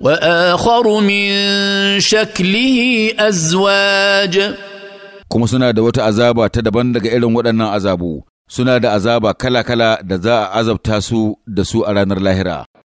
وآخر من شكله أزواج kuma suna da wata azaba ta daban daga irin waɗannan azabu suna da azaba kala-kala da za a azabta su da su a ranar lahira